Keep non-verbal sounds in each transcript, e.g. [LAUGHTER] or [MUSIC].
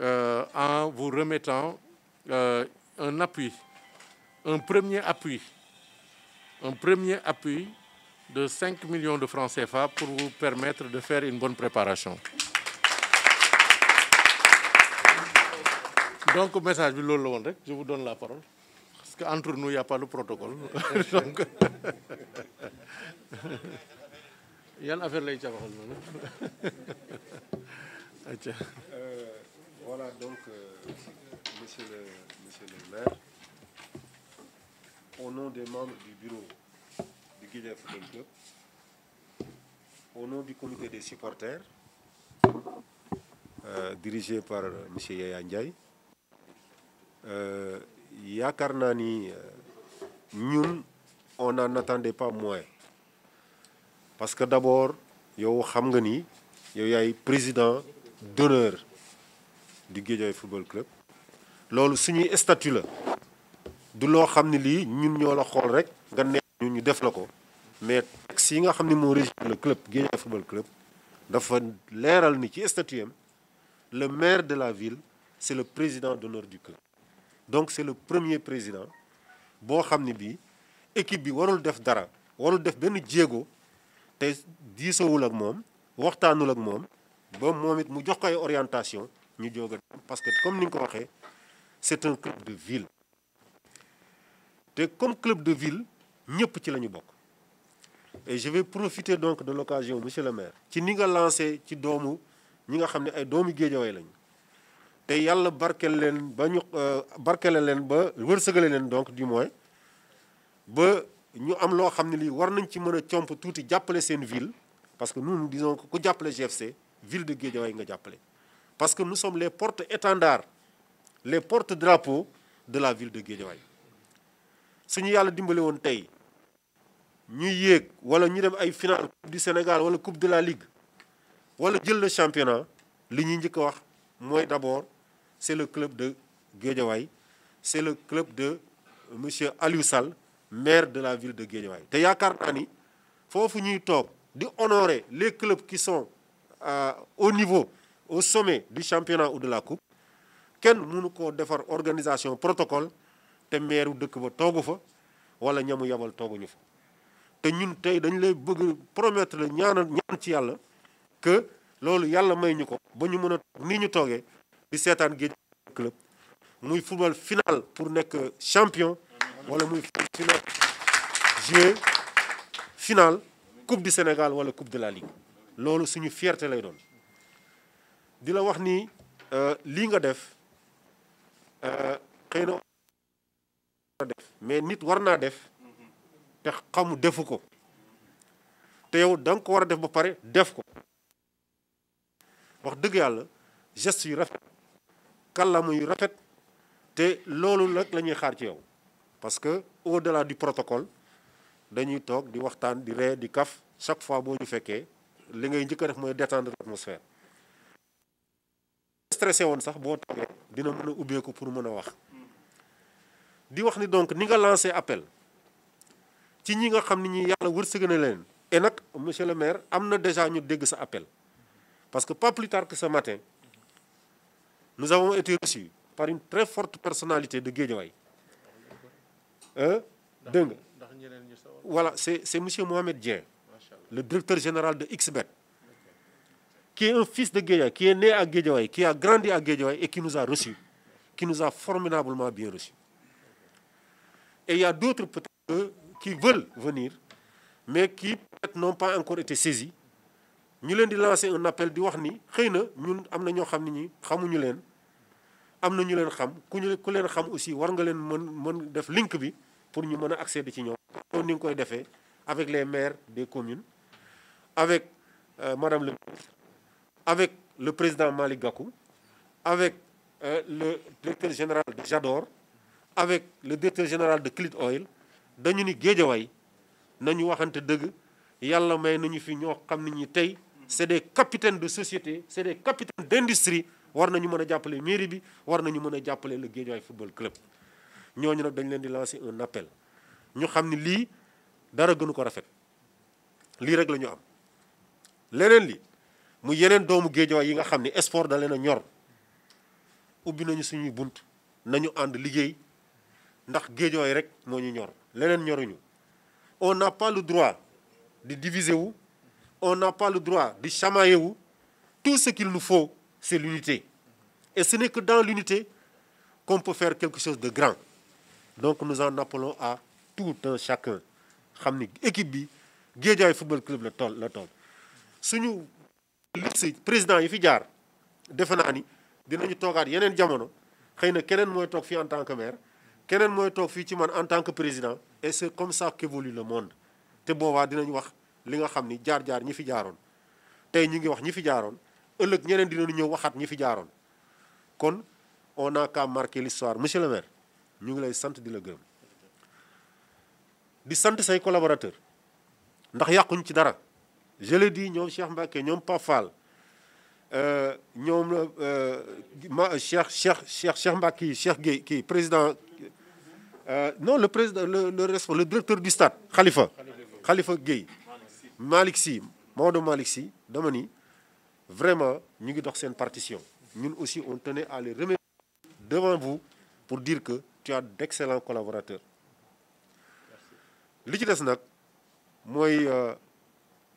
Euh, en vous remettant euh, un appui, un premier appui, un premier appui de 5 millions de francs CFA pour vous permettre de faire une bonne préparation. Donc, message, je vous donne la parole. Parce qu'entre nous, il n'y a pas le protocole. Il y a une [LAUGHS] [LAUGHS] affaire là [LAUGHS] Euh, voilà donc, euh, monsieur, le, maire, au nom des membres du bureau du Guinée Football au nom du comité des supporters, euh, dirigé par monsieur Yaya Ndiaye, y a ni Nous on n'en attendait pas moins parce que d'abord il y a ni président d'honneur du Guédiawaye Football Club loolu suñuy statut la du lo xamni li ñun ñoo la xool rek nga nekk ñu ñu def la ko mais texte yi nga xamni mo moo régir le club Guédiawaye Football Club dafa leral ni ci statut le maire de la ville c'est le président d'honneur du club donc c'est le premier président bo xamni bi équipe bi warul def dara warul def ben jéego te disawul ak mom waxtaanul ak mom ba momit mu orientation parce que comme c'est un club de ville et comme club de ville ñëpp ci la et je vais profiter donc de l'occasion monsieur le maire ci ni nga ci doomu ñi nga ay doomu leen leen ba euh, donc du moins ba ñu am ville parce que nous nous disons que GFC ville de Guédiawaye nga parce que nous sommes les portes étendards les portes drapeaux de la ville de Guédiawaye suñu yalla dimbalé won tay ñu yégg wala ñu dem ay finale coupe du Sénégal wala coupe de la ligue wala jël le championnat li ñi njëkk wax moy d'abord c'est le club de Guédiawaye c'est le club de monsieur Aliou Sall maire de la ville de Guédiawaye te yaakaar tani fofu ñuy di honorer les clubs qui sont à euh, haut niveau au sommet du championnat ou de la coupe kenn mënu ko defar organisation protocole te meeru dëkk ba togu fa wala ñamu yabal tooguñu fa te ñun tay dañ lay bëgg promettre la ñaanal ñaan ci yalla que loolu yalla may ñuko ba ñu mëna ni ñu togué di sétane club muy football final pour nek champion wala muy final jeu final coupe du Sénégal wala coupe de la Ligue loolu suñu fierté lay doon di la wax ni euh, lii nga def euh, xëy na def mais nit war naa def te xamu defu ko te yow danga ko war a def ba pare def ko wax dëgg yàlla geste yu rafet kàllaama yu rafet te loolu nag la ñuy xaar ci yow parce que au-delà du protocole dañuy toog di waxtaan di ree di kaf chaque fois boo ñu fekkee li ngay njëkk def mooy détendre l'atmosphère stressé woon sax boo toogee dina mën a ubbeeku pour mën a wax di wax ni donc ni nga lancé appel ci ñi nga xam ni ñi yàlla wërsëg na leen et nag monsieur le maire am na déjà ñu dégg sa appel parce que pas plus tard que ce matin nous avons été reçus par une très forte personnalité de Guédiawaye hein? dégg nga voilà c'est c'est monsieur Mohamed Dieng le directeur général de XBET, qui est un fils de Guédiawaye, qui est né à Guédiawaye, qui a grandi à Guédiawaye et qui nous a reçus, qui nous a formidablement bien reçus. Et il y a d'autres peut-être qui veulent venir, mais qui peut-être n'ont pas encore été saisis. nous leur lancé un appel di wax nous avons na ñun am na nous xam xamuñu ñu leen xam ku ku leen xam aussi war nga def link pour ñu mën a accéder ci ñoom. ni koy avec les maires des communes avec euh, Madame le ministre, avec le président Malik Gakou, avec euh, le directeur général de Jador, avec le directeur général de Clit Oil, dañu ni Guédiawaye nañu waxante dëgg yàlla may nañu fi ñoo c'est des capitaines de société c'est des capitaines d'industrie nous nañu mën a jàppale mairie bi war nañu mën a le football club ñooñu nag dañ leen di un appel ñu xam ni lii dara gënu ko rafet lii rek am leneen li mu yeneen doomu géejawaay yi nga xam ne sport da leen a ñor ubbi nañu suñuy bunt nañu ànd liggéey ndax géejawaay rek moo ñu ñor leneen ñoruñu on n'a pas le droit de diviser wu on n'a pas le droit de chamailler wu tout ce qu'il nous faut c'est l'unité et ce n'est que dans l'unité qu'on peut faire quelque chose de grand donc nous en appelons à tout un chacun xam ni équipe bi géejawaay football club la toll la toll suñu liste président yi fi jaar defe naa ni dinañu toogaat yeneen jamono xëy na keneen mooy toog fii en tant que maire keneen mooy toog fii ci man en tant que président et c'est comme ça qu'évolue le monde te boobaa dinañ wax li nga xam ni jaar-jaar ñi fi jaaroon tey ñu ngi wax ñi fi jaaroon ëllëg ñeneen dinañu ñëw waxaat ñi fi jaaroon kon on n'a qu'à marquer l'histoire monsieur le maire ñu ngi lay sant di la gërëm di sant say collaborateurs ndax yàquñ ci dara je le dis nous, Cheikh Mbacké nous Pafal sommes le euh, euh Cheikh Cheikh Cheikh Mbacké président euh, non le président le le directeur du stade Khalifa. Khalifa Gay, Malixi, Sy Damani. vraiment nous avons dox une partition Nous aussi on tenait à les remettre devant vous pour dire que tu as d'excellents collaborateurs li ci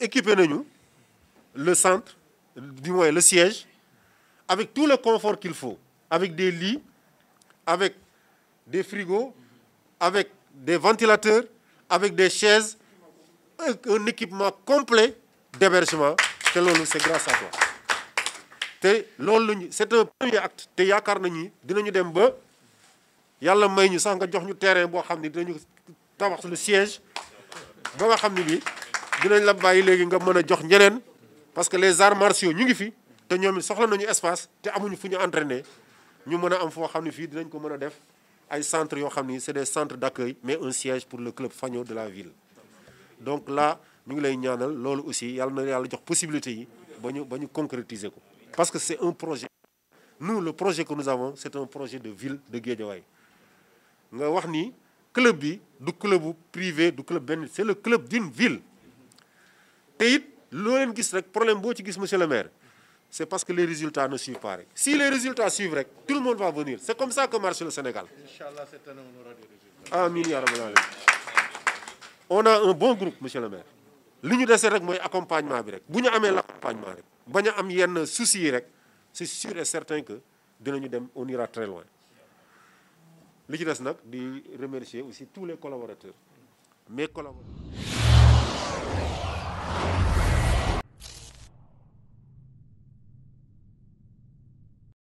équipé nous, le centre du moins le siège avec tout le confort qu'il faut avec des lits avec des frigos avec des ventilateurs avec des chaises avec un équipement complet d'hébergement c'est grâce à toi c'est un premier acte te yaakaar nañu dinañu dem ba yàlla may ñu nous nga jox ñu terrain nous de ne dinañu tabax le siège ba nga xam ne dinañ la bàyyi léegi nga mën a jox ñeneen parce que les arts martiaux ñu ngi fi te ñoom soxla nañu espace te amuñu fu ñu entraîner ñu mën a am foo xam ne fii dinañ ko mën a def ay centres yoo xam ni c'est des centres d'accueil mais un siège pour le club fagno de la ville donc là ñu ngi lay ñaanal loolu aussi yàlla na yàlla jox possibilité yi ba ñu ba ñu concrétiser ko parce que c'est un projet nous le projet que nous avons c'est un projet de ville de Guédiawaye nga wax ni club bi du club privé du club benn c'est le club d'une ville et it qui leen rek problème boo ci monsieur le maire c'est parce que les résultats ne suivent pas si les résultats suivent tout le monde va venir C'est comme ça que marche le Sénégal. Inch'Allah cette année on aura des résultats. amiin yaa rabbal on a un bon groupe monsieur le maire li ñu dese rek mooy accompagnement bi rek avons ñu amee accompagnement rek bañ a am yenn soucis c'est sûr et certain que dinañu dem on ira très loin. li ci des di remercier aussi tous les collaborateurs mes collaborateurs.